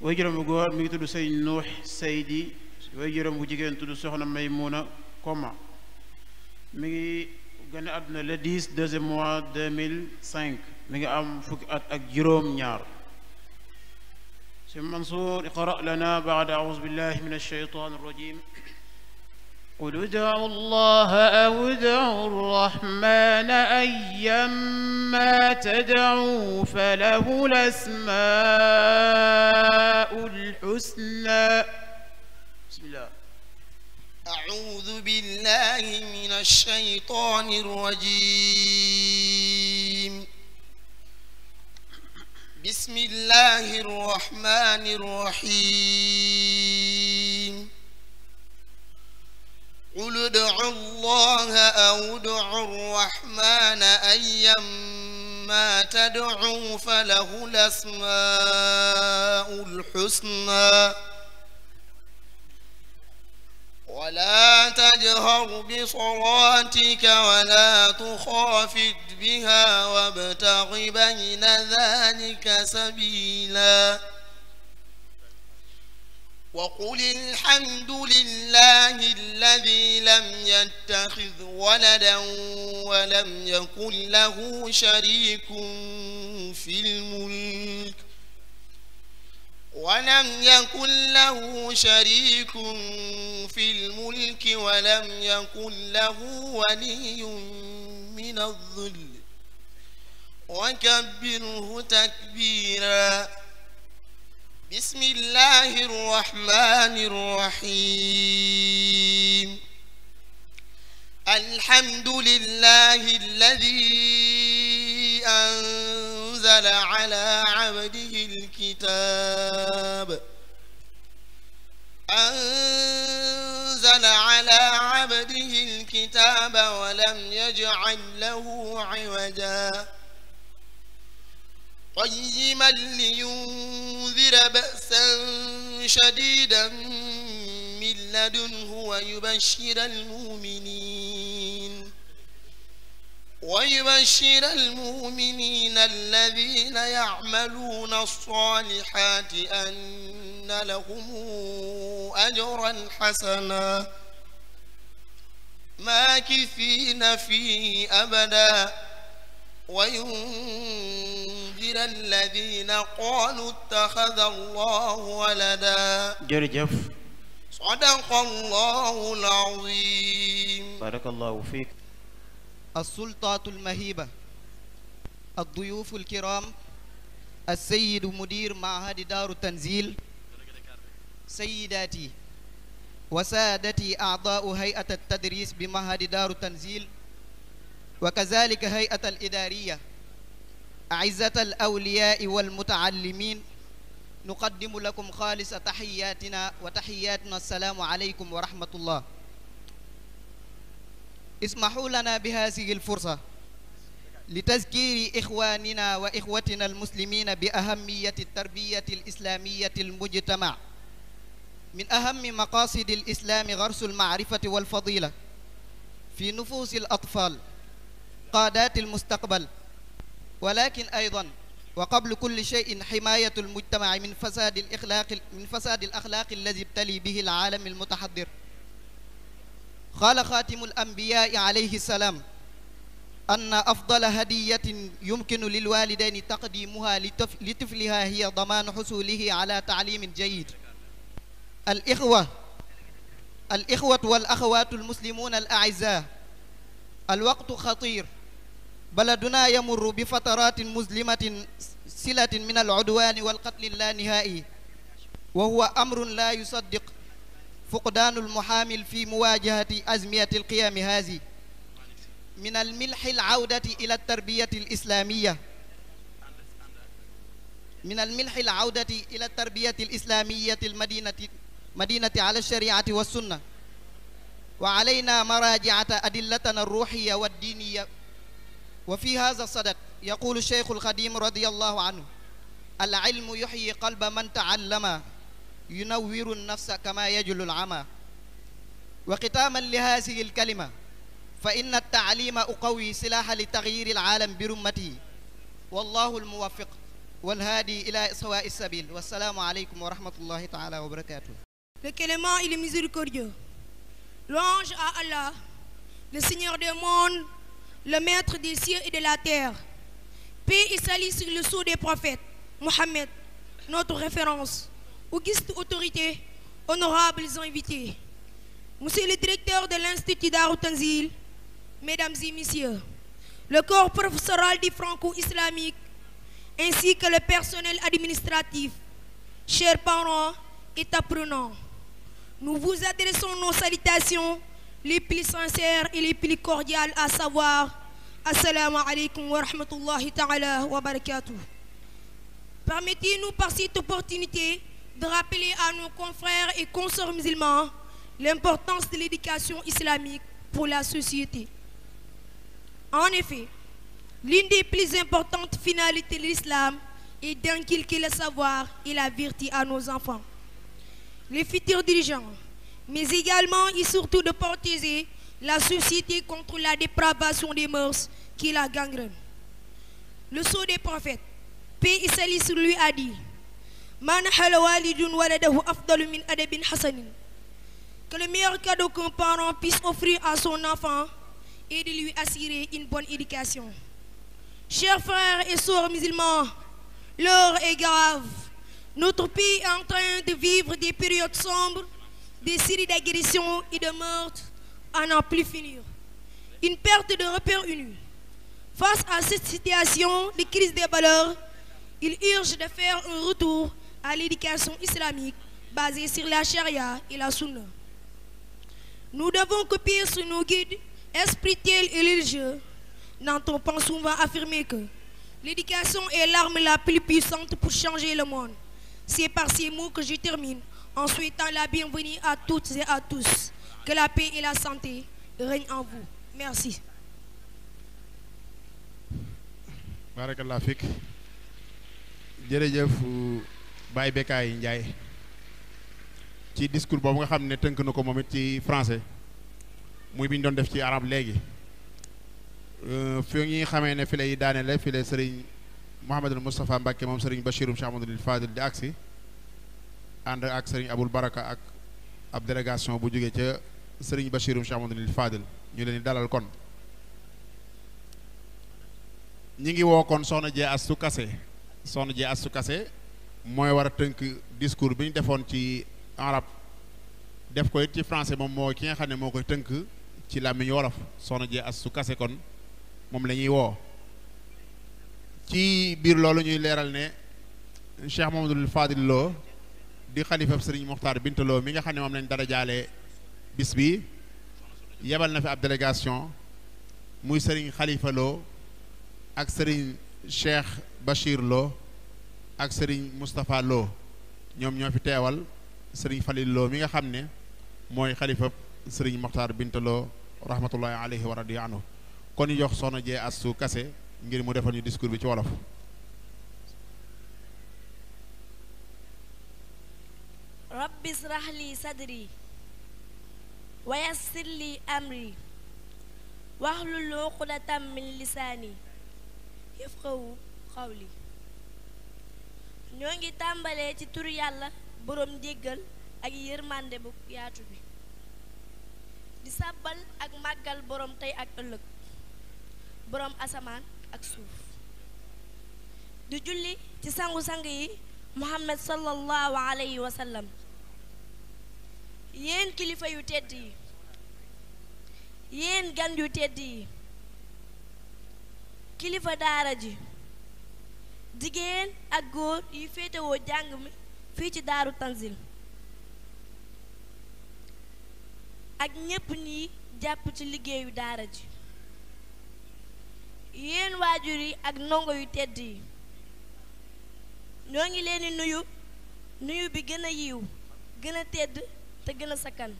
way juróom bu góor mi ngi tudd sëñ nuux saydi way juróom bu jigéen tudd soxna maymuna koma mi ngi gane àdduna le 10 deuxième mois 2005 mi ngi am fukki at ak juróom ñaar sëñ mansour iqra lana baada aouzu billahi min alsheytan arrajim قل ادعوا الله أو ادعوا الرحمن أيما تدعوا فله الأسماء الحسنى بسم الله أعوذ بالله من الشيطان الرجيم بسم الله الرحمن الرحيم قل ادعوا الله أو ادعوا الرحمن أيما تدعوا فله الأسماء الحسنى ولا تجهر بصلاتك ولا تخافت بها وابتغ بين ذلك سبيلاً وقل الحمد لله الذي لم يتخذ ولدا ولم يكن له شريك في الملك ولم يكن له شريك في الملك ولم يكن له ولي من الظل وكبره تكبيرا بسم الله الرحمن الرحيم الحمد لله الذي أنزل على عبده الكتاب أنزل على عبده الكتاب ولم يجعل له عوجاً قيما لينذر بأسا شديدا من لدنه ويبشر المؤمنين ويبشر المؤمنين الذين يعملون الصالحات أن لهم أجرا حسنا ماكثين فيه أبدا وينفرون لينذر الذين قالوا اتخذ الله ولدا jërëjëf sadaqa allahu al-azim sadaqa allahu fiik السلطات المهيبة الضيوف الكرام السيد مدير معهد دار التنزيل سيداتي وسادتي أعضاء هيئة التدريس بمعهد دار التنزيل وكذلك هيئة الإدارية أعزة الأولياء والمتعلمين نقدم لكم خالص تحياتنا وتحياتنا السلام عليكم ورحمة الله اسمحوا لنا بهذه الفرصة لتذكير إخواننا وإخوتنا المسلمين بأهمية التربية الإسلامية المجتمع من أهم مقاصد الإسلام غرس المعرفة والفضيلة في نفوس الأطفال قادات المستقبل ولكن أيضا وقبل كل شيء حماية المجتمع من فساد الإخلاق من فساد الأخلاق الذي ابتلي به العالم المتحضر قال خاتم الأنبياء عليه السلام أن أفضل هدية يمكن للوالدين تقديمها لطفلها هي ضمان حصوله على تعليم جيد الإخوة الإخوة والأخوات المسلمون الأعزاء الوقت خطير baladuna yamurru bi fataratin muslimatin silatin min al udwani wal qatli la nihaa'i wa huwa amrun la yusaddiq fuqdaanu lmuhaamil fi muwaajahati azmiyati alqiyaami haazi min almilxi alawdati ila altarbiyati alislaamiya min almilxi alawdati ila altarbiyati alislaamiyati almadinati madinati ala alshariati wassunna wa alayna maraajicata adilatana alruuxiya waddiiniya wa fi hada sadaq yaqulu cheikh alxadim radiallahu anhu al ilmu yuxyi qalba man taallama yunawiru nafsa kama yajlu al ama wa xitaaman li hadihi alkalima fa inna altaalima uqawi silaaha li taxyiri alaalam bi rummati wallahu almuwafiq walhaadi ila sawaai sabil wassalaamu aleykum wa rahmatullahi taala wa barakatuh le clément il est miséricordieux louange à Allah le seigneur des mondes le maître des cieux et de la terre. Paix et salut sur le sceau des prophètes, Mohammed, notre référence, auguste autorité, honorables invités. Monsieur le directeur de l'Institut Darou Tanzil, mesdames et messieurs, le corps professoral du franco-islamique, ainsi que le personnel administratif, chers parents et apprenants, nous vous adressons nos salutations les plus sincères et les plus cordiales, à savoir Assalamu alaikum wa rahmatullahi ta'ala wa Permettez-nous par cette opportunité de rappeler à nos confrères et consoeurs musulmans l'importance de l'éducation islamique pour la société. En effet, l'une des plus importantes finalités de l'islam est d'inculquer le savoir et la vérité à nos enfants. Les futurs dirigeants mais également et surtout de portiser la société contre la dépravation des mœurs qui la gangrène. Le sceau des prophètes, paix et salut sur lui, a dit Man walidun waladahu afdalu min adabin hasanin. Que le meilleur cadeau qu'un puisse offrir à son enfant est de lui assurer une bonne éducation. Chers frères et sœurs musulmans, l'heure est grave. Notre pays est en train de vivre des périodes sombres des séries d'agressions et de meurtres à n'en plus finir. Une perte de repères unis. Face à cette situation de crise des valeurs, il urge de faire un retour à l'éducation islamique basée sur la charia et la sunna. Nous devons copier sur nos guides spirituels et religieux, n'entendons souvent affirmer que l'éducation est l'arme la plus puissante pour changer le monde. C'est par ces mots que je En souhaitant la bienvenue à toutes à tous, que la paix et la santé règnent en vous. Merci. barakallah fik jërëjëf Baye Bekay Ndiaye ci discours boobu nga xam ne tënk na ko moom it ci français muy bi ñu doon def ci arab léegi euh, fi ñuy xamee ne fi lay daane la fi lay sëriñ Mouhamadul Moustapha Mbacke moom sëriñ Bachirum Cheikh Amadou di agsi ànd ak sëriñ Abul Baraka ak ab délégation bu jógee ca sëriñ Bachirum Cheikh Amadou Fadil ñu leen di dalal kon ñi ngi woo kon soxna jee su kase soxna jee su kase mooy war a tënk discours bi ñu defoon ci arab def ko it ci français moom moo ki nga xam ne moo koy tënk ci làmmiñ wolof soxna jee as su kase kon moom lañuy woo ci biir loolu ñuy leeral ne Cheikh Mamadou Fadil Lo di xalifab sëriñ Muxtaar Bintaloo mi nga xam ne moom lañ dara jaale bis bi yebal na fi ab délégation muy sëriñ Xalifa Lo ak sëriñ Cheikh Bachir Lo ak sëriñ Moustapha Lo ñoom ñoo fi teewal sëriñ Falil Lo mi nga xam ne mooy xalifab sëriñ Muxtaar Bintaloo rahmatullahi alayhi wa radiya anhu kon ñu jox soxna jee assu kase ngir mu defal ñu discours bi ci wolof rabbi israh li sadri wa yassir li amri wahlul uqdatam min lisaani yafqahu qawli ñoo ngi tàmbalee ci tur yàlla boroom njéggal ak yërmande bu yaatu bi di sàbbal ak màggal boroom tey ak ëllëg boroom asamaan ak suuf di julli ci sangu-sang yi muhammad sallallahu alayhi wa yéen kilifa yu tedd yi yéen gan yu tedd yi kilifa daara ji jigéen ak góor yu féetewoo jàng mi fii ci daaru tanzil ak ñépp ñi jàpp ci liggéeyu daara ji yéen waajur yi ak ndongo yu tedd yi ñoo ngi leen di nuyu nuyu bi gën a yiw gën a tedd te gëna sakkan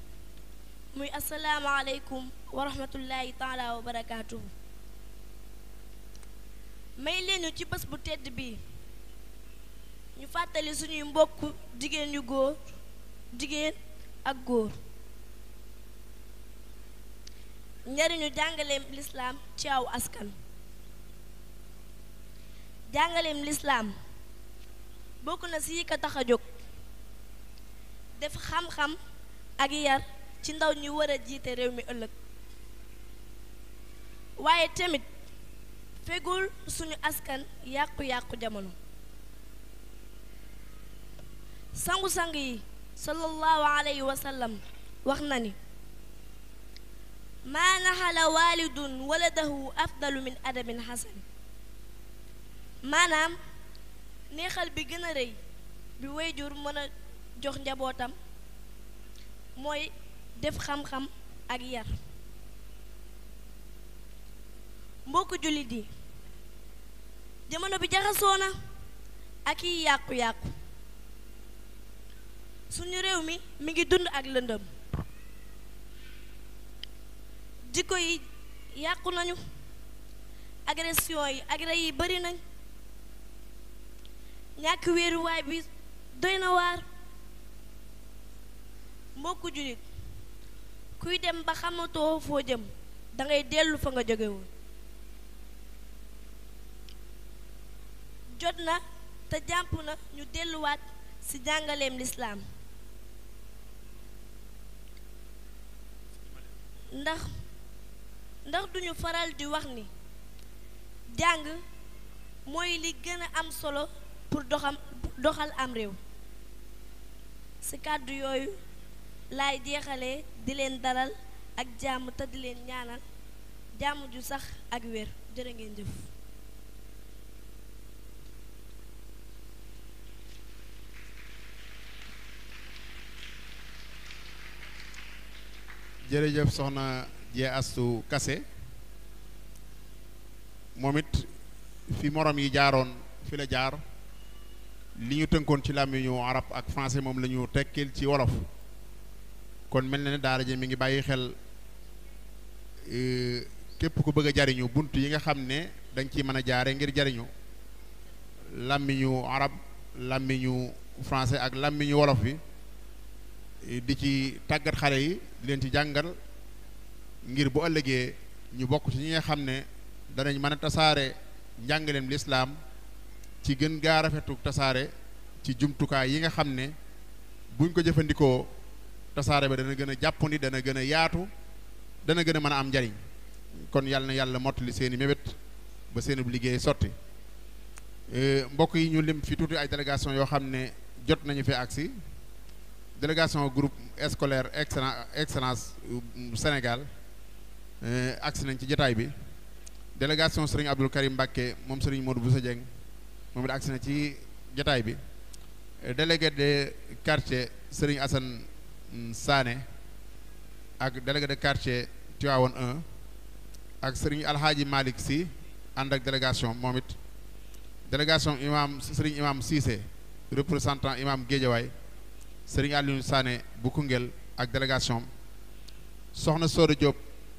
muy asalaamaaleykum wa rahmatullahi taala wa barakaatu. may leen ci bés bu tedd bi ñu fàttali suñuy mbokk jigéen yu góor jigéen ak góor njariñu jàngaleem lislaam ci aw askan jàngaleem lislaam bokk na si tax a jóg def xam-xam ak yar ci ndaw ñi war a jiite réew mi ëllëg waaye tamit fegul sunu askan yàqu-yàqu jamono sangu-sang yi sallallahu alayhi wa wax na ni maa naxala waalidun waladahu afdalu min adabin xasan maanaam neexal bi gën a bi wayjur mën a jox njabootam mooy def xam-xam ak yar mbokku jullit yi jamono bi jaxasoo na ak yi yàqu-yàqu suñu réew mi mi ngi dund ak lëndëm jikko yi yàqu nañu agression yi agré yi bari nañ ñàkk wéeruwaay bi doy na waar mbokk jullit kuy dem ba xamatoo foo jëm da ngay dellu fa nga jóge jot na te jàmp na ñu delluwaat ci jàngaleem lislaam ndax ndax duñu faral di wax ni jàng mooy li gën a am solo pour doxal am réew ci kàddu yooyu laay jeexalee di leen dalal ak jàmm te di leen ñaanal jàmm ju sax ak wér jërë ngeen jëf soxna jee astu kase moom it fi moroom yi jaaroon fi la jaar li ñu tënkoon ci làmmiñu arab ak français moom lañu ñu tekkil ci wolof kon mel na ne daara ji mi ngi bàyyi xel e, képp ku bëgg a jariñu bunt yi nga xam ne dañ ciy mën a jaare ngir jariñu làmmiñu arab làmmiñu français ak làmmiñu wolof bi e, di ci tàggat xale yi leen ci jàngal ngir bu ëllëgee ñu bokk ci ñi nga xam ne danañ mën a tasaare leen lislaam ci gën gaa rafetu tasaare ci jumtukaay yi nga xam ne buñ ko jëfandikoo tasaare ba dana gën a jàppandi dana gën a yaatu dana gën a mën a am njariñ kon yàlla na yàlla mottali seen i mébét ba seen i liggéey sotti euh, mbokk yi ñu lim fi tuuti ay délégation yoo xam ne jot nañu fi agsi délégation groupe scolaire excellence excellence euh, Sénégal euh, agsi nañ ci jataay bi délégation Serigne Abdoul Karim Mbacké moom Serigne Modou Boussa Dieng moom it agsi na ci jataay bi délégué de quartier Serigne Assane Sané ak délégué de ak sëriñ Alhaji Malick Sy ànd ak délégation moom it délégation imam sëriñ imam Cissé représentant imam Guédiawaye sëriñ Alioune Sané bu Koungheul ak délégation soxna Sora Diop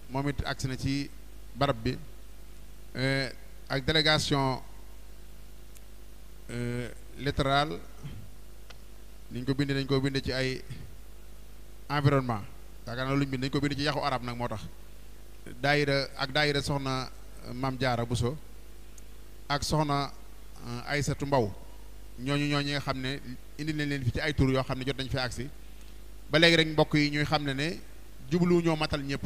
moom it agsi na ci barab bi eh, ak délégation eh, littérale ni ko bindee nañ ko bindee ci ay environnement yaakaar naa luñ bi dañ ko bind ci yaxu arab nag moo tax daayira ak daayira soxna Maam Jaara Buso ak soxna euh, Aysatu Mbaw ñooñu ñooñu nga xam ne indi nañ leen fi ci ay tur yoo xam ne jot nañ fi agsi ba léegi rek mbokk yi ñuy xam ne ne jublu ñoo matal ñëpp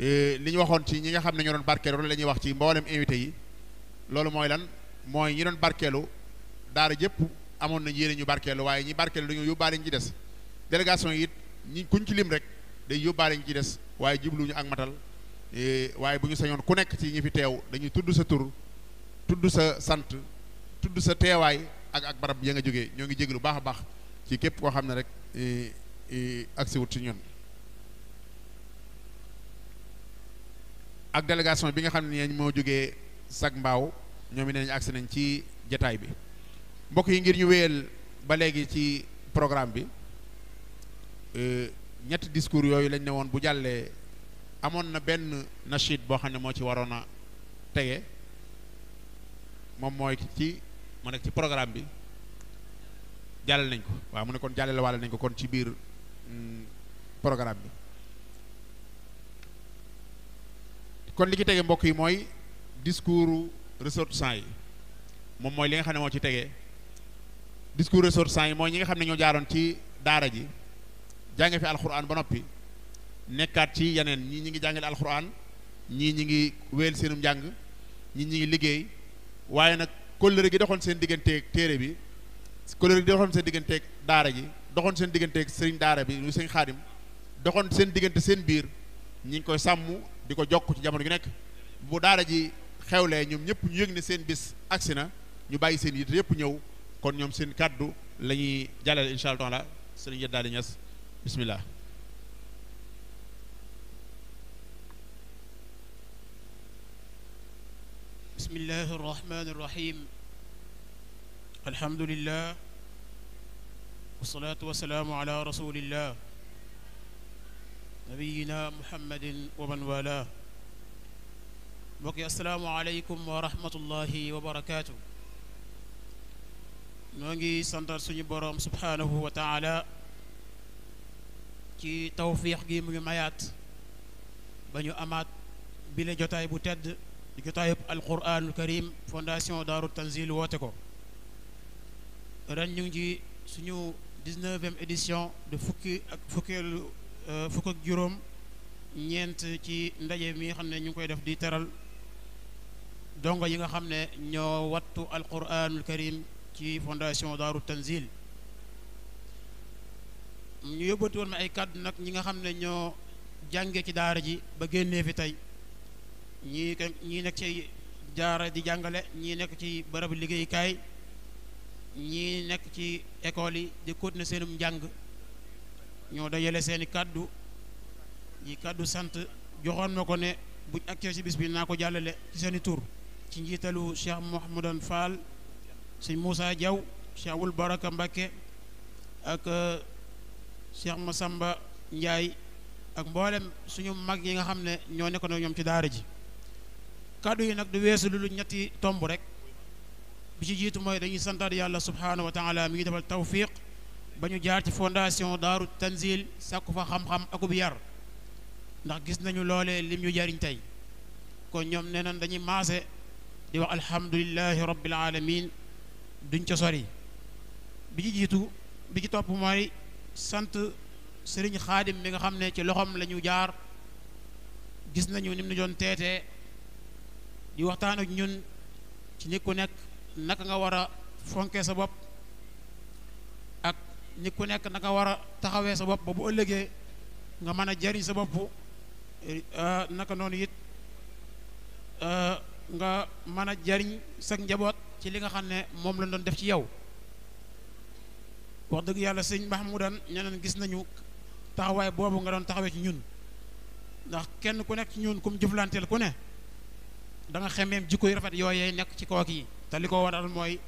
euh, li ñu waxoon ci ñi nga xam ne ñoo doon barkeelu la ñuy wax ci mboolem invité yi loolu mooy lan mooy ñi doon barkeelu daara jëpp amoon nañ yéene ñu barkeelu waaye ñi barkeelu dañoo yóbbaale ñu ci des délégation it ñi kuñ ci lim rek day yóbbaale ñu ci des waaye jubluñu ak matal eh, waaye bu ñu sañoon ku nekk ci ñu fi teew dañuy tudd sa tur tudd sa sant tudd sa teewaay ak ak barab ya nga jógee ñoo ngi jéglu baax a baax ci képp koo xam ne rek eh, eh, agsi wut ci ñun ak délégation bi nga xam ne moo jógee sag mbaaw ñoom it nañ nañ ci jataay bi mbokk yi ngir ñu wéyal ba léegi ci programme bi Euh, ñetti discours yooyu lañ ne woon bu jàllee amoon na benn nachid boo xam ne moo ci waroon a tege moom mooy ci mu nekk ci programme bi jàllale nañ ko waaw mu ne kon jàllale waale nañ ko kon ci biir mm, programme bi kon li ci tege mbokk yi mooy discours ressortissants yi moom mooy li nga xam ne moo ci tege discours ressortissants yi mooy ñi nga xam ne ñoo jaaroon ci daara ji jànge fi alxuraan ba noppi nekkaat ci yeneen ñii ñi ngi jàngale alxuraan ñii ñi ngi wéyal seenum njàng ñi ñi liggéey waaye nag kóllëre gi doxoon seen digganteeg téere bi kóllëre gi doxoon seen digganteeg daara ji doxoon seen digganteeg sëriñ daara bi lu sëriñ xaadim doxoon seen diggante seen biir ñi ngi koy sàmm di ko jokk ci jamono ji nekk bu daara ji xewlee ñoom ñëpp ñu yëg ne seen bis agsi na ñu bàyyi seen yitte yëpp ñëw kon ñoom seen kàddu lañuy ñuy jàllale incha allah sëriñ bismillah bismillahi irrahmani irrahim alhamdulillah wasalaatu wasalaamu ala rasulillah nabiyina muhammadin wa man wala mbokk yi asalaamu aleykum wa rahmatullahi wa barakaatu noo ngi santar suñu boroom subhaanahu wa taala ci tawfiix gi mu ngi mayaat ba ñu amaat bile jotaay bu tedd di jotaayub alquranul karim fondation daaru tanzil woote ko ren ñu ngi ci suñu dix-neuvième édition de fukki ak fukkeelu euh, fukk ak juróom ñeent ci ndaje mi xam ne ñu ngi koy def di teral dongo yi nga xam ne ñoo wattu alquranul karim ci fondation daaru tanzil ñu yóbbati woon ma ay kàddu nag ñi nga xam ne ñoo jànge ci daara ji ba génnee fi tey ñii ñii nekk ci daara di jàngale ñii nekk ci barabu liggéeykaay ñii nekk ci école yi di continuer seenum njàng ñoo dajale seeni kàddu yi kàddu sant joxoon ma ko ne buñ accès ci bis bi naa ko jàllale ci seeni tur ci njiitalu Cheikh Mouhamadou Fall sëñ Moussa Diaw Cheikh Wul Baraka Mbacké ak Cheikh Massamba Ndiaye ak mboolem suñu mag yi nga xam ne ñoo nekkoon ak ñoom ci daara ji kàddu yi nag du weesu lu ñetti tomb rek bi ci jiitu mooy dañuy santaat yàlla subhaanahu wa taala mi ngi defal tawfiq ba ñu jaar ci fondation daaru tanzil sàkku fa xam-xam akub yar ndax gis nañu loole lim ñu jariñ tey kon ñoom nee na dañuy maase di wax alhamdulilahi rabbil alamin duñ ca sori bi ci jiitu bi ci topp mooy sant sëriñ xaadim mi nga xam ne ci loxoom la ñu jaar gis nañu ni mu doon teetee di waxtaan ak ñun ci nit ku nekk naka nga war a fonke sa bopp ak nit ku nekk naka war a taxawee sa bopp ba bu ëllëgee nga mën a jariñ sa bopp eh, naka noonu it eh, nga mën a jariñ sa njaboot ci li nga xam ne moom lañ doon def ci yow wax dëgg yàlla sëñ Mahmoudan ñeneen gis nañu taxawaay boobu nga doon taxawee ci ñun ndax kenn ku nekk ci ñun kum jëflanteel ku ne da nga xemeem jikko yu rafet yooyee nekk ci kook yi te li ko waral mooy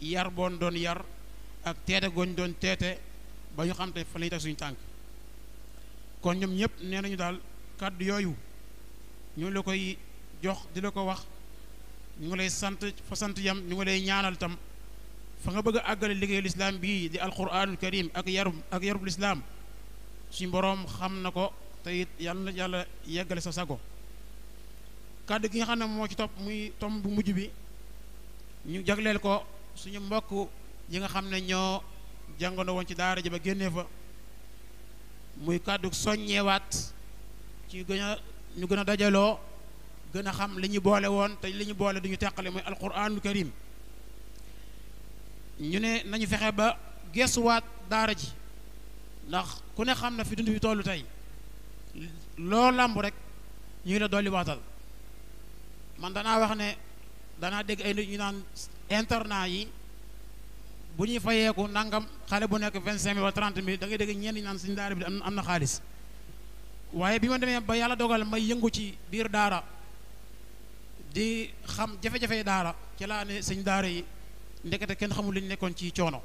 yar boon doon yar ak teete gooñ doon teete ba ñu xam te fa tànk kon ñoom ñëpp nee nañu daal kàddu yooyu ñu la koy jox di ko wax ñu ngi lay sant fa yam ñu ngi lay ñaanal tam fa nga bëgg a àggale liggéeyu lislaam bii di al alquranul karim ak yarub ak yarub lislaam suñ boroom xam na ko te it yàlla yàlla yeggale sa sago kàddu gi nga xam ne moo ci topp muy tom bu mujj bi ñu jagleel ko suñu mbokk yi nga xam ne ñoo jàngandoo woon ci daara ji ba génnee fa muy kàddu soññeewaat ci gën a ñu gën a dajaloo gën xam li ñuy boole woon te li ñu boole duñu teqale muy alquranul karim ñu ne nañu fexe ba gesuwaat daara ji ndax ku ne xam na fi dund fi tollu tey loo làmb rek ñu ngi la dolli waatal man danaa wax ne danaa dégg ay nit ñu naan internat yi bu ñuy fayeeku nangam xale bu nekk vingt cinq mille wala trente mille da ngay dégg ñenn ñu naan suñu daara bi am na xaalis waaye bi ma demee ba yàlla dogal may yëngu ci biir daara di xam jafe-jafe daara ci laa ne suñu daara yi ndekete kenn xamul li nekkoon ci coono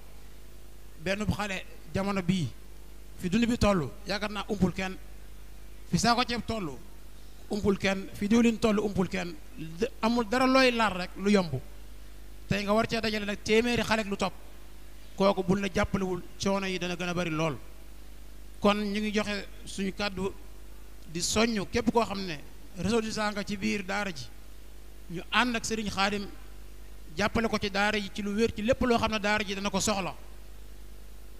benn bu xale jamono bii fi dund bi toll yaakaar naa umpul kenn fi saako ceeb toll umpul kenn fi diwlin toll umpul kenn amul dara looy laar rek lu yomb tey nga war cee dajale nag téeméeri xale lu topp kooku buñ na jàppalewul coono yi dana gën a bari lool kon ñu ngi joxe suñu kàddu di soññ képp koo xam ne réseau du sanga ci biir daara ji ñu ànd ak Serigne Khadim jàppale ko ci daara yi ci lu wér ci lépp loo xam ne daara ji dana ko soxla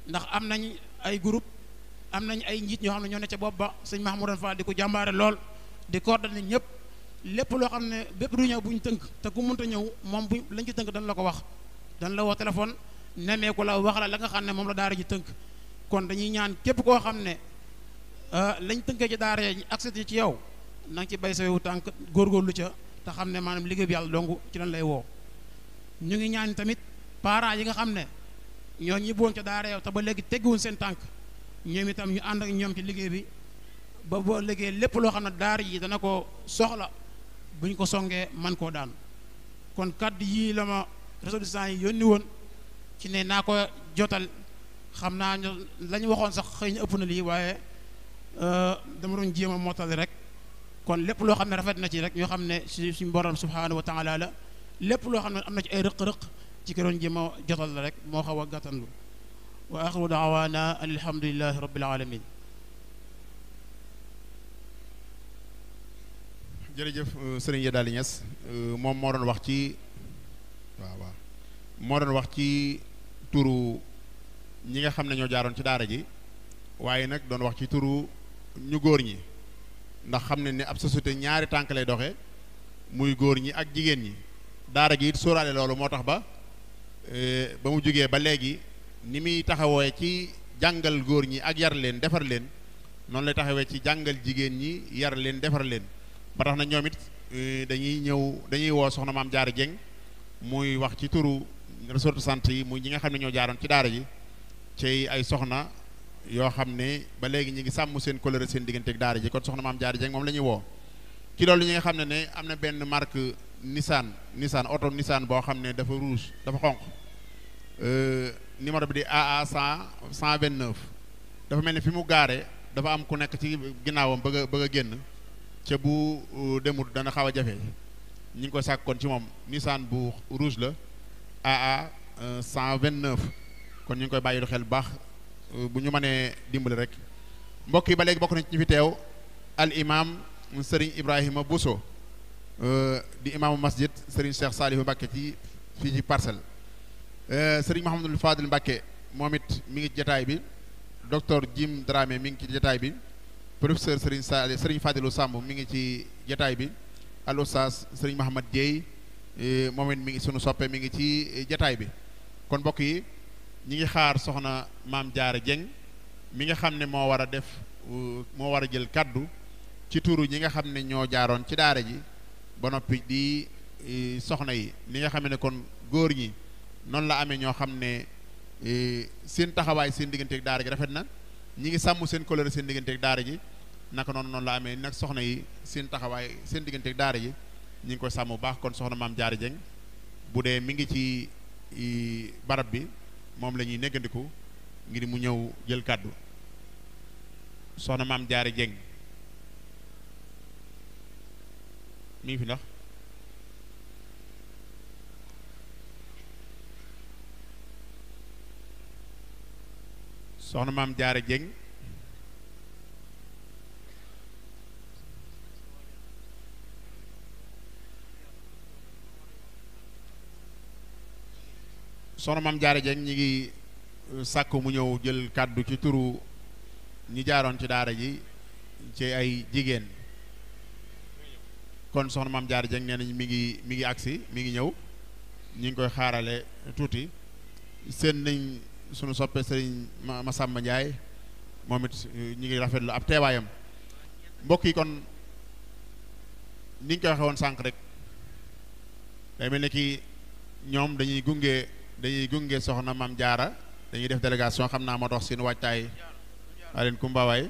ndax am nañ ay groupe am nañ ay njiit ñoo xam ne ñoo ne ca bopp ba sëñ Mahmoudane Fall di ko jàmbaare lool di coordonné ñëpp lépp loo xam ne bépp réunion bu tënk te ku mënta ñëw moom bu lañ ci tënk dañ la ko wax dañ la woo téléphone nemeeku la wax la la nga xam ne moom la daara ji tënk kon dañuy ñaan képp koo xam ne euh, lañ tënkee ci daara yi accès ci yow na nga ci bay sa yow tànk lu ca te xam ne maanaam liggéey bi yàlla dong ci lañ lay woo ñu ngi ñaan tamit parent yi nga xam ne ñoo ñi boon ca daara te ba léegi tegguwuñ seen tànk ñoom itam ñu ànd ak ñoom ci liggéey bi ba boo liggéey lépp loo xam ne daar yi dana ko soxla bu ko songee man koo daan kon kàdd yii la ma ressortissants yi yónni woon ci ne naa ko jotal xam naa ñu la waxoon sax xëy na ëpp na lii waaye euh, dama doon jéem a mottali rek kon lépp loo xam ne rafet na ci rek ñoo xam ne suñu borom subhaanahu wa taala la lépp loo xam ne am na ci ay rëq-rëq ci ki doon ji ma jotal la rek moo xaw a gàttanlu wa axiru daawaana an alhamdulilahi rabbil alamin jërëjëf euh, sëriñ Yadaly Niass euh, moom moo doon wax ci waaw moo doon wax ci turu ñi nga xam ne jaaroon ci daara ji waaye nag doon wax ci turu ñu góor ñi ndax xam ne ni ab société ñaari tànk lay doxe muy góor ñi ak jigéen ñi daara ji it sóoraale loolu moo tax ba eh, ba mu jógee ba léegi ni muy taxawee ci jàngal góor ñi ak yar leen defar leen noonu lay taxawee ci jàngal jigéen ñi yar leen defar leen ba tax na ñoom it eh, dañuy ñëw dañuy woo soxna maam Jaara Jeng muy wax ci turu ressortissants yi muy ñi nga xam ne ñoo jaaroon ci daara ji ci ay soxna yoo xam ne ba léegi ñu ngi sàmm seen coloré seen diggante ak daara ji kon soxna maam Jaara Jeng moom la ñuy woo ci loolu nga xam Nissan Nissan oto Nissan boo xam ne dafa rouge dafa xonq euh, numéro bi di AA 100 129 dafa mel ni fi mu gaare dafa am ku nekk ci ginnaawam bëgg a bëgg a génn ca bu euh, demut dana xaw a jafe ñu ngi ko sàkkoon ci moom Nissan bu rouge la AA 129 euh, kon ñu ngi koy bàyyi xel bu baax bu ñu mënee dimbali rek mbokk yi ba léegi bokk nañ ci ñu fi teew al imam Serigne Ibrahima Bousso. Euh, di imaamu masjid Serigne Cheikh Saliou Mbacke ci fii ci parcelle euh, Serigne Mouhamadul Fadil Mbacke moom it mi ngi ci jataay bi docteur Jim Dramé mi ngi ci jataay bi professeur Serigne Sall Serigne Fadilou Samb mi ngi ci jataay bi al oustaz Serigne Mahamad Dieye euh, moom it mi ngi sunu soppe mi ngi ci jataay bi kon mbokk yi ñi ngi xaar soxna maam Diarra Dieng mi nga xam ne moo war a def moo war a jël kàddu ci tuuru ñi nga xam ne ñoo jaaroon ci daare ji ba noppi di e, soxna yi ni nga xam ne kon góor ñi noonu la amee ñoo xam ne e, seen taxawaay seen digganteeg daara ji rafet na ñi ngi sàmm seen couleur seen digganteeg daara ji naka noonu noonu la amee nag soxna yi seen taxawaay seen digganteeg daara ji ñu ngi koy sàmm bu baax kon soxna maam jaari jeng bu dee mi ngi ci barab bi moom lañuy ñuy néggandiku ngir mu ñëw jël kàddu soxna maam jaari jeng mi ngi fi ndax soxna maam jaara jeng soxna maam jaara jeng ñi ngi euh, sàkk mu ñëw jël kàddu ci turu ñi jaaroon ci daara ji ci ay jigéen kon soxna maam Diarra Dieng nee nañ mi ngi mi ngi agsi mi ngi ñëw ñu koy xaarale tuuti seen nañ sunu soppe sëriñ Massamba Ndiaye moom it eh, ñu ngi rafetlu ab teewaayam mbokk yi kon ni ñu koy waxee woon sànq rek day mel ne ki ñoom dañuy gunge dañuy gunge soxna maam jaara dañuy def délégation xam naa moo tax seen waajtaay aleen kumbawaay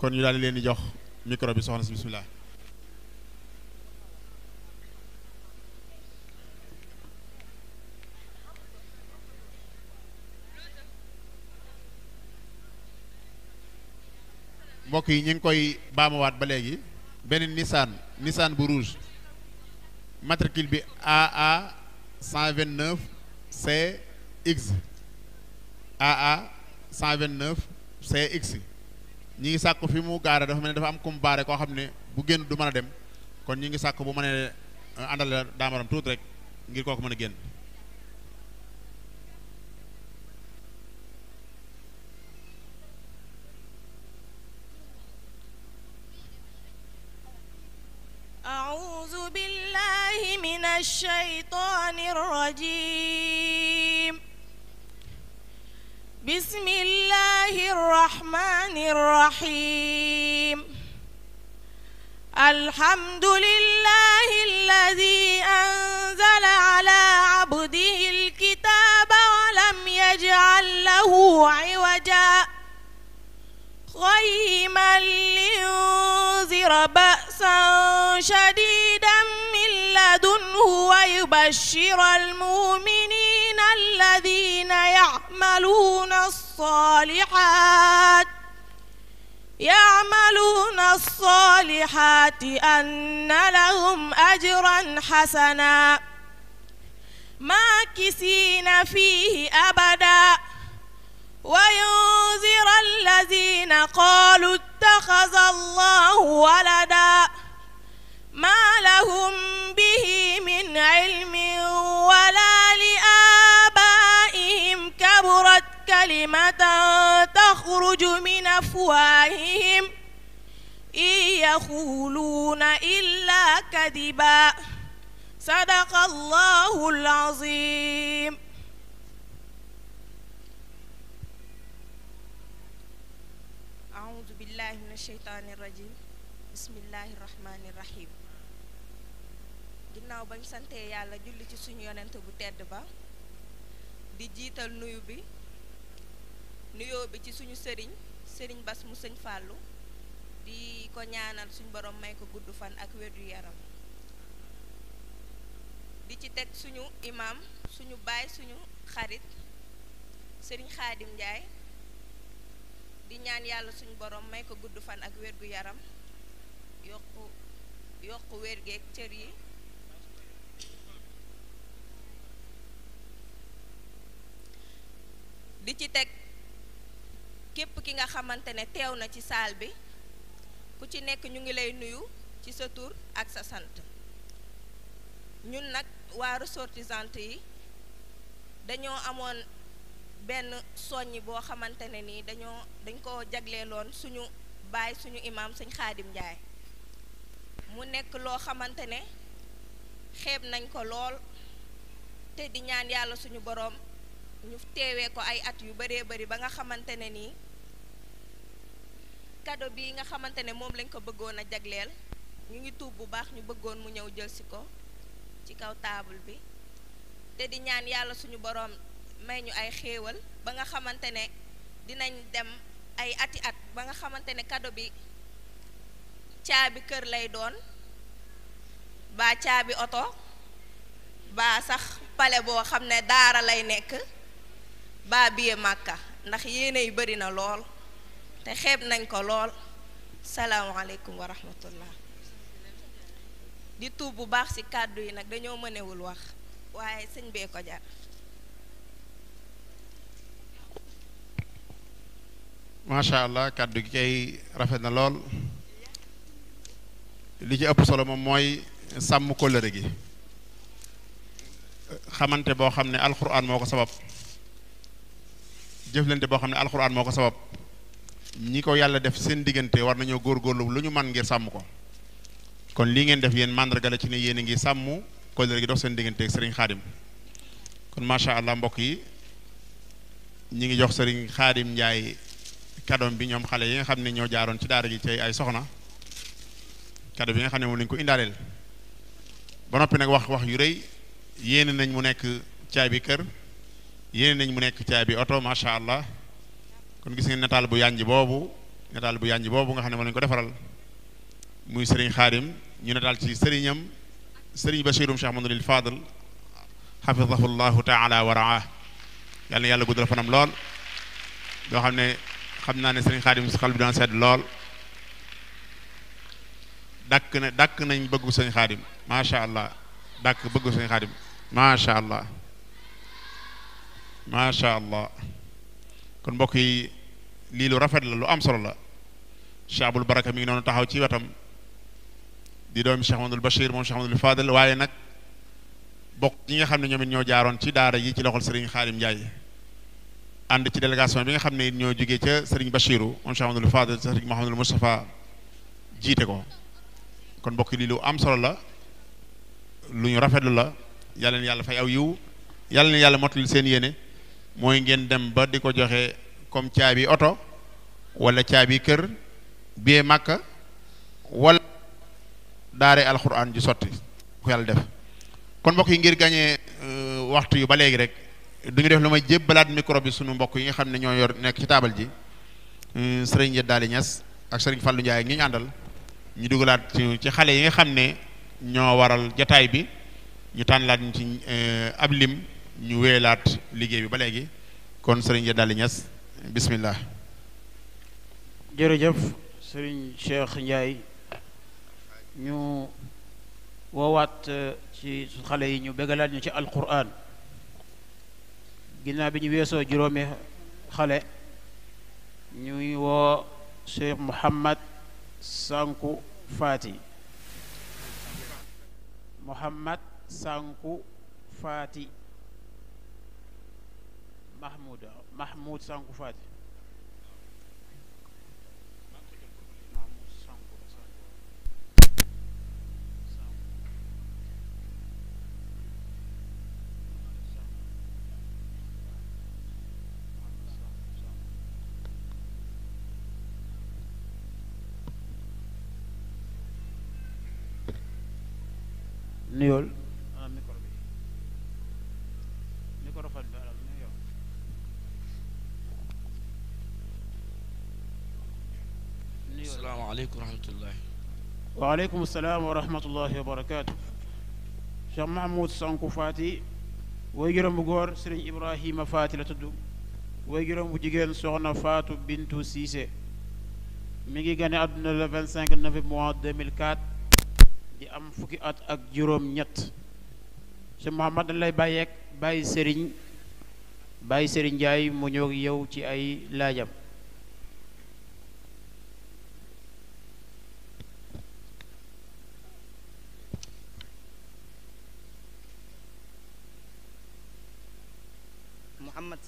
kon ñu daal di leen di jox micro bi mbokk yi ñu ngi koy baamuwaat ba léegi beneen Nissan Nissan bu rouge matricule bi AA 129 CX AA 129 CX. ñi ngi sàkk fi mu gaare dafa mel ne dafa am kum baare koo xam ne bu génn du mën a dem kon ñi ngi sàkk bu mënee euh, àndale daamaram tuuti rek ngir kooku mën a génn بسم الله الرحمن الرحيم الحمد لله الذي أنزل على عبده الكتاب ولم يجعل له عوجا قيما لينذر بأس عطفا شديدا من لدنه ويبشر المؤمنين الذين يعملون الصالحات يعملون الصالحات أن لهم أجرا حسنا ماكسين فيه أبدا وينذر الذين قالوا اتخذوا تخرج من أفواههم إن يقولون إلا كذبا صدق الله العظيم أعوذ بالله من الشيطان الرجيم بسم الله الرحمن الرحيم ginnaaw bañ sante yàlla julli ci suñu yonent bu tedd ba di jiital nuyu bi nuyoo bi ci suñu sëriñ sëriñ Bas mu sëñ Fàllu di ko ñaanal suñ boroom may ko gudd fan ak wér gu yaram di ci teg suñu imam suñu baay suñu xarit sëriñ Xaadim Njaay di ñaan yàlla suñu borom may ko gudd fan ak wér yaram yokku yokku cër yi di ci teg képp ki nga xamante ne teew na ci saal bi ku ci nekk ñu ngi lay nuyu ci sa tur ak sa sant ñun nag waaru ressortissante yi dañoo amoon benn soññ boo xamante ne nii dañoo dañ ko jagleeloon suñu baay suñu imaam sëñ Xaadim Njaay mu nekk loo xamante ne xeeb nañ ko lool te di ñaan yàlla suñu boroom ñu teewee ko ay at yu bëree bari ba nga xamante ne nii kado bii nga xamante ne moom lañ ko bëggoon a jagleel ñu ngi tuub bu baax ñu bëggoon mu ñëw jël si ko ci kaw taabal bi te di ñaan yàlla suñu boroom may ñu ay xéewal ba nga xamante ne dinañ dem ay ati at ba nga xamante ne kado bi caabi kër lay doon baa caabi oto baa sax pale boo xam ne daara lay nekk baa biye màkka ndax yéene yi bëri na lool te xeeb nañ ko lool salaamaaleykum wa rahmatullah di tuub bu baax ci kàddu yi nag dañoo mënewul wax waaye sëñ bee ko jar macha allah kàddu gi kay rafet na lool li ci ëpp solo moom mooy sàmm kóllëre gi xamante boo xam ne alxuraan moo ko sabab jëflante boo xam ne alxuraan moo ko sabab ñi ko yàlla def seen diggante war nañoo góorlu lu ñu man ngir sàmm ko kon lii ngeen def yéen màndarga la ci ne yéen a ngi sàmm kóllëre gi dox seen diggante ak sëriñ xaadim kon macha allah mbokk yi ñi ngi jox sëriñ xaadim njaay kadoom bi ñoom xale yi nga xam ne ñoo jaaroon ci daara gi ci ay soxna kado bi nga xam ne moom lañ ko indaaleel ba noppi nag wax wax yu rëy yéen nañ mu nekk caay bi kër yéene nañ mu nekk caabi oto macha allah kon gis ngeen nataal bu yànj boobu nataal bu yànj boobu nga xam ne moo lañ ko defaral muy sëriñ xaadim ñu nataal ci sëriñam sëriñ basirum Cheikh Mamadou Fadal xafidahu llahu taala wa raa yàlla na yàlla guddal fanam lool loo xam ne xam naa ne sëriñ xaadim xal bi daan sedd lool dàkk na dàkk nañ bëggu sëriñ xaadim macha allah dàkk allah macha allah kon mbokk yi lii lu rafet la lu am solo la Cheikh Abul Baraka mi ngi noonu taxaw ci wetam di doomi Cheikh Amadul Bachir moom Cheikh Amadul Fadel waaye nag bokk ñi nga xam ne ñoom it ñoo jaaroon ci daara yi ci loxol Serigne Xaalim Ndiaye ànd ci délégation bi nga xam ne it ñoo jógee ca Serigne Bachiru moom Cheikh Amadul Fadel Serigne Mahamadul Moustapha jiite ko kon mbokk lii lu am solo la lu ñu rafetlu la yàlla na yàlla fay aw yiw yàlla na yàlla mottali seen yéene mooy ngeen dem ba di ko joxe comme caabi oto wala caabi kër bee makk wala daare alxuraan ju sotti ku yàlla def kon mbokk yi ngir gañee euh, waxtu yu ba léegi rek du ñu def lu may jébbalaat micro bi sunu mbokk yi nga xam ne ñoo yor nekk ci taabal ji euh, sëriñ Yeddaali Ñas ak sëriñ Fallou Ndiaye ngi ñu àndal ñu dugalaat ci xale yi nga xam ne ñoo waral jataay bi ñu tànlaat ci euh, ab lim ñu weelaat liggéey bi ba léegi kon sëriñ Yadali Niass bismillah jërëjëf sëriñ Cheikh Ndiaye ñu woowaat euh, ci xale yi ñu bégalaat ñu ci alquran ginnaaw bi ñu weesoo juróomi xale ñuy woo Cheikh Mouhamad Sanku Faati Mouhamad Sanku Faati Mahmoud ah, Mahmoud Sanku Fati nuyool asalaamaaleykum wa rahmatullahi waaleykum salaam wa rahmatullahi wa barakaatu Cheikh Mahmoud Sonko Faty way juróom bu góor sëriñ Ibrahima Faty la tudd way juróom bu jigéen soxna Fatou Bintou Cissé mi ngi gane àdduna le 25 novembre 2004 di am fukki at ak juróom ñett Cheikh Mouhamad dañ lay bàyyeek bàyyi sëriñ bàyyi sëriñ Ndiaye mu ñëw yow ci ay laajam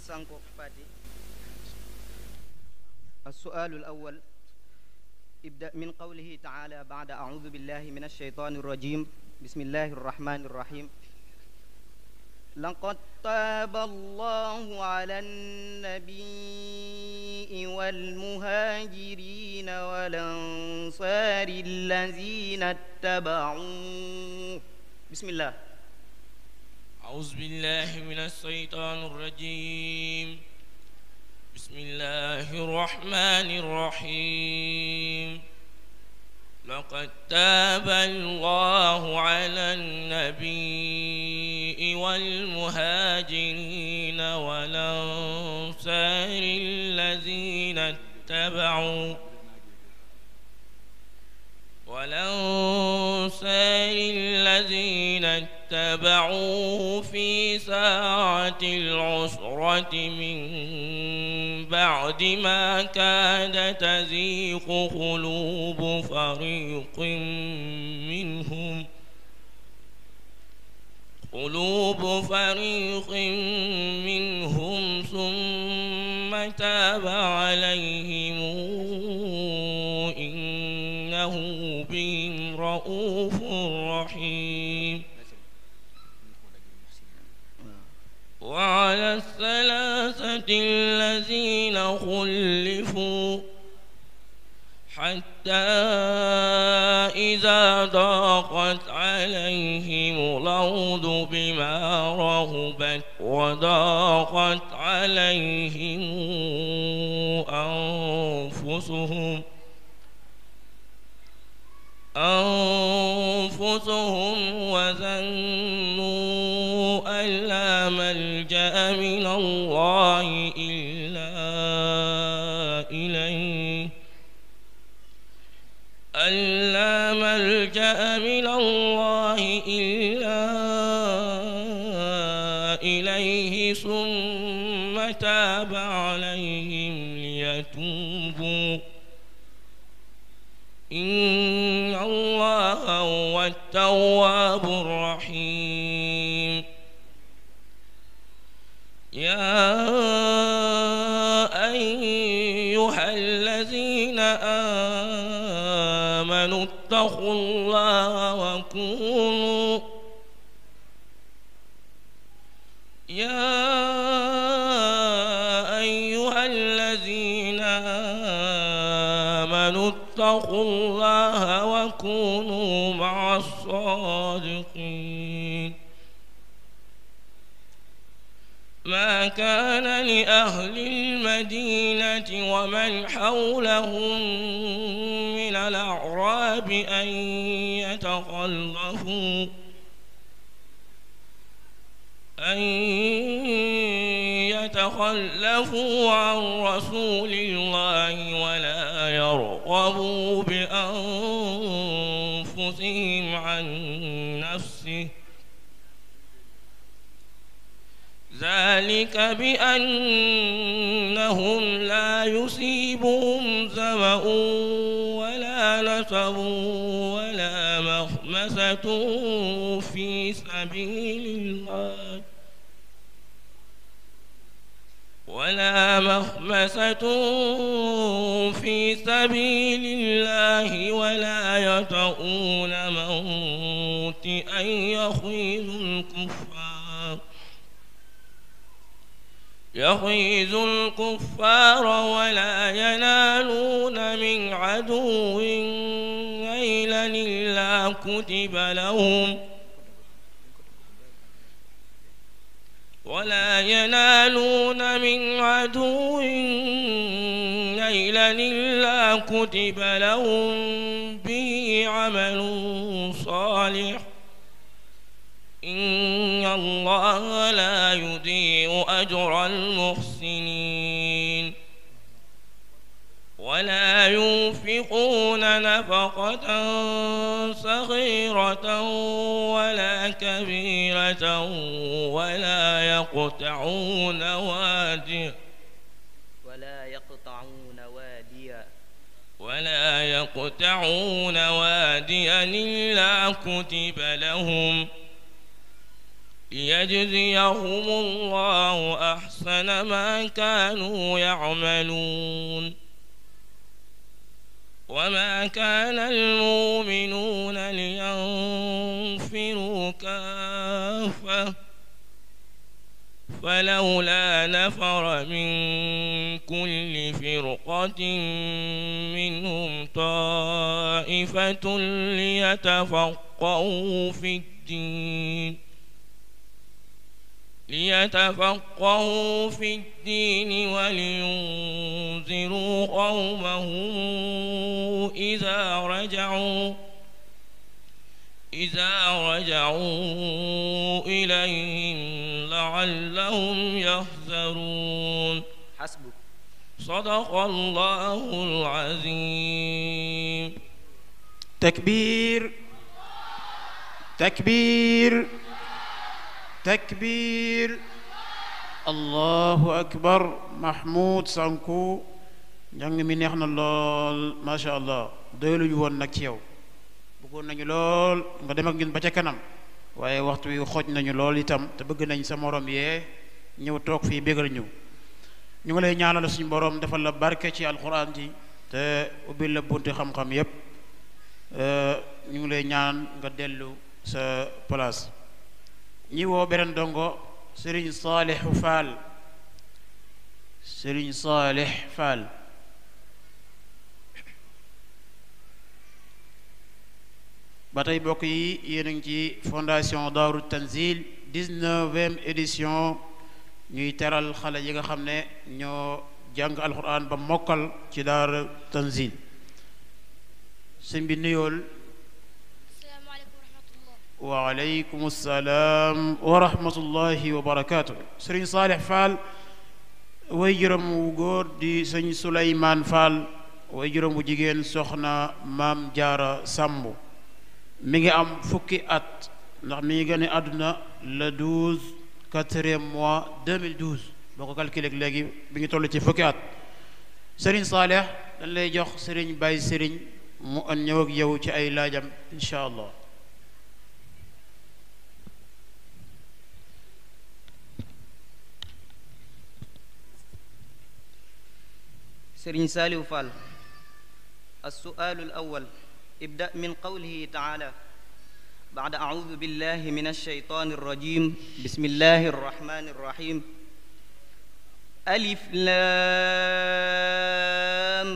sànko faati alsualu alawal ibda min qawlihi taala baada audu billahi min alsheytani irrajim bismillahi arrahmani irrahim لقد تاب الله على النبي والمهاجرين والأنصار الذين اتبعوه بسم الله أعوذ بالله من الشيطان الرجيم بسم الله الرحمن الرحيم لقد تاب الله على النبي والمهاجرين والأنصار الذين اتبعوا والأنصار الذين اتبعوه في ساعة العسرة من بعد ما كاد تزيق قلوب فريق منهم قلوب فريق منهم ثم تاب عليهم بهم رؤوف رحيم وعلى الثلاثة الذين خلفوا حتى إذا ضاقت عليهم الأرض بما رهبت وضاقت عليهم أنفسهم ۖ أنفسهم وظنوا أن لا ملجأ من الله إلا إليه أن لا ملجأ من الله إلا إليه ثم تاب عليهم ليتوبوا إن هو التواب الرحيم يا كان لأهل المدينة ومن حولهم من الأعراب أن يتخلفوا أن يتخلفوا عن رسول الله ولا يرغبوا ذلك بأنهم لا يصيبهم ظمأ ولا نصب ولا مخمسة في سبيل الله ولا مخمسة في سبيل الله ولا يطؤون موطئا يخيل الكفار يخيز الكفار ولا ينالون من عدو غيلا إلا كتب لهم ولا ينالون من عدو ليلا إلا كتب لهم به عمل صالح إن الله لا يضيع أجر المحسنين ولا ينفقون نفقة صغيرة ولا كبيرة ولا يقطعون واديا ولا يقطعون واديا ولا يقطعون واديا إلا كتب لهم ۖ ليجزيهم الله أحسن ما كانوا يعملون وما كان المؤمنون لينفروا كافة فلولا نفر من كل فرقة منهم طائفة ليتفقهوا في الدين ليتفقهوا في الدين ولينذروا قومهم إذا رجعوا إذا رجعوا إليهم لعلهم يحذرون حسبك صدق الله العظيم تكبير تكبير takbir allahu akbar mahmoud sanku njàng mi neex na lool macha allah doyluñu woon nag ci yow bëggoon nañu lool nga dem ak ñun ba ca kanam waaye waxtu wi xooj nañu lool itam te bëgg nañ sa morom yee ñëw toog fii bégal ñëw ñu ngi lay ñaanal suñu borom defal la barke ci alquran ji te ubbil la bunti xam-xam yépp euh, ñu ngi lay ñaan nga dellu sa place ñi woo beneen dongo sëriñ saalixu faal sëriñ saalix faal ba tey bokk yi yéen a ngi ci fondation daaru tanzil dix-neuvième édition ñuy teral xale yi nga xam ne ñoo jàng alxuraan ba mokkal ci daaru tanzil sëñ bi nuyool wa aleykum salaam wa rahmatullahi wa barakaatu. sëriñ Saalix Fall wu góor di sëñ Souleymane Fall way juróom bu jigéen soxna maam jaara sàmb mi ngi am fukki at ndax mi ngi gane àdduna le 12 quatrième mois 2012 boo ko calculé léegi mi ngi toll ci fukki at sëriñ Saalix dañ lay jox sëriñ Baye seriñ mu an ñëw ak yow ci ay laajam incha allah sëriñ saaliw fall alsuaalu alawal ibda min qawlihi taala baada audu billahi min alsheytaan alrajim bismillahi arrahmani arrahim alif lam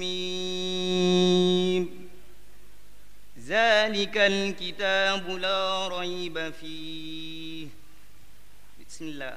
mim zalika alkitabu la rayba fih bismillah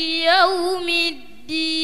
يوم الدين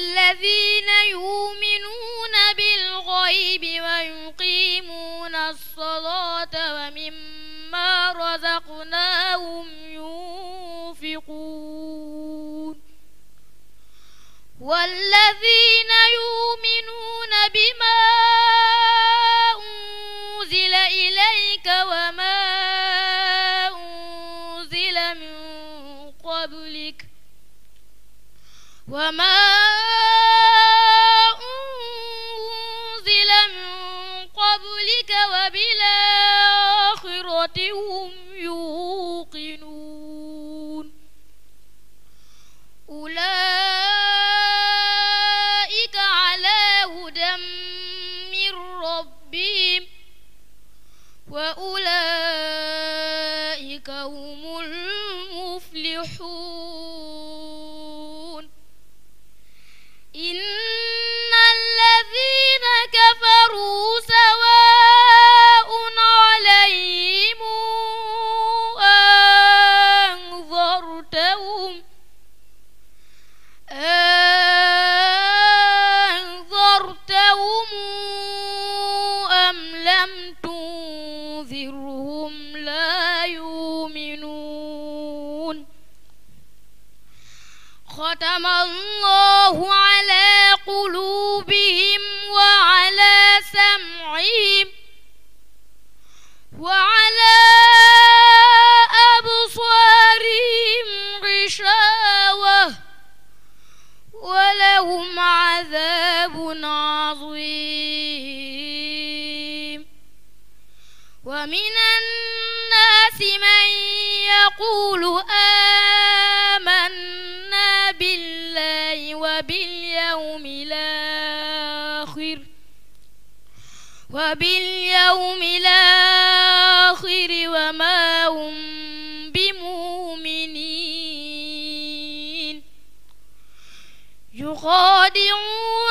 الذين يؤمنون بالغيب ويقيمون الصلاة ومما رزقناهم ينفقون والذين يؤمنون بما أنزل إليك وما أنزل من قبلك وما الله على قلوبهم وباليوم الآخر وما هم بمؤمنين يخادعون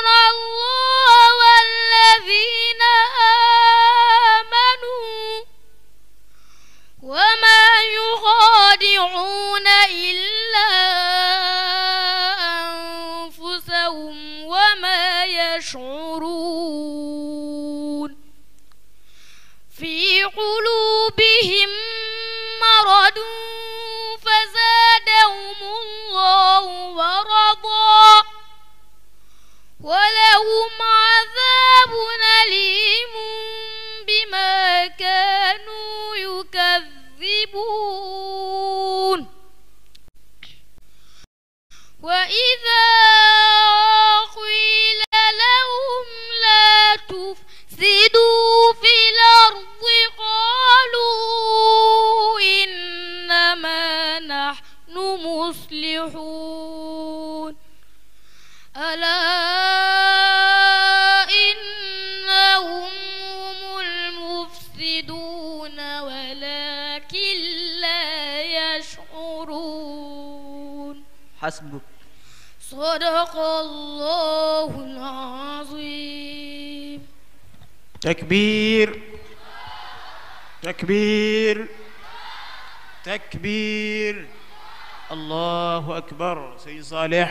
بهم مرض فزادهم الله مرضا ولهم عذاب أليم بما كانوا يكذبون وإذا takbir takbir takbir allahu akbar sëñ Saaleex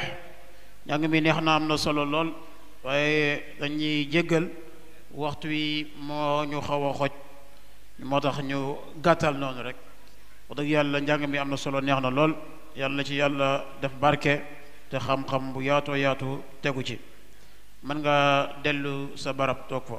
njàng mi neex na am na solo lool waaye dañuy jéggal waxtu wi moo ñu xaw a xoj moo tax ñu gàttal noonu rek wax dëgg yàlla njàng mi am na solo neex na lool yàlla na ci yàlla def barke te xam-xam bu yaatoo yaatu tegu ci mën nga dellu sa barab toog fa